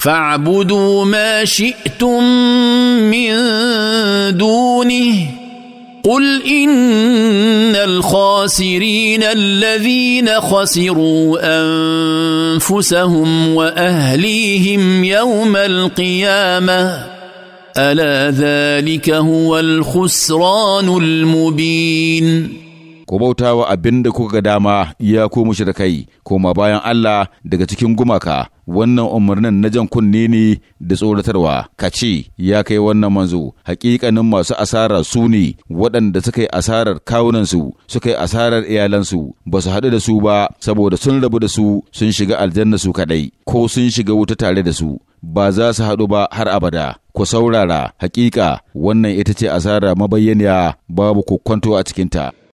فاعبدوا ما شئتم من دونه قل ان الخاسرين الذين خسروا انفسهم واهليهم يوم القيامه الا ذلك هو الخسران المبين ku bauta wa abin da kuka ga dama ya ko mushrikai koma bayan Allah daga cikin gumaka wannan umarnin na jan kunne ne da tsoratarwa ka ce ya kai wannan manzo hakikanin masu asara su ne waɗanda suka yi asarar kawunansu suka yi asarar iyalansu ba su haɗu da su ba saboda sun rabu da su sun shiga aljanna su kaɗai ko sun shiga wuta tare da su ba za su haɗu ba har abada ku saurara hakika wannan ita ce asara mabayyaniya babu kokwanto a cikinta